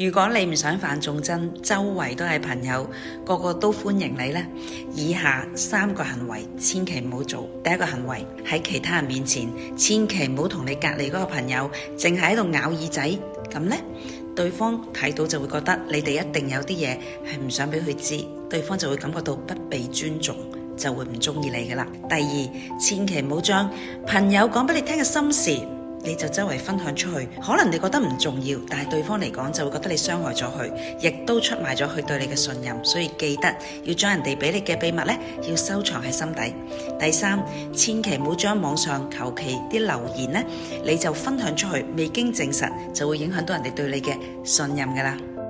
如果你唔想犯眾憎，周圍都係朋友，個個都歡迎你咧，以下三個行為千祈唔好做。第一個行為，喺其他人面前，千祈唔好同你隔籬嗰個朋友淨係喺度咬耳仔，咁咧對方睇到就會覺得你哋一定有啲嘢係唔想俾佢知道，對方就會感覺到不被尊重，就會唔中意你噶啦。第二，千祈唔好將朋友講俾你聽嘅心事。你就周圍分享出去，可能你覺得唔重要，但係對方嚟講就會覺得你傷害咗佢，亦都出賣咗佢對你嘅信任。所以記得要將人哋俾你嘅秘密呢，要收藏喺心底。第三，千祈唔好將網上求其啲留言呢，你就分享出去，未經證實就會影響到人哋對你嘅信任㗎喇。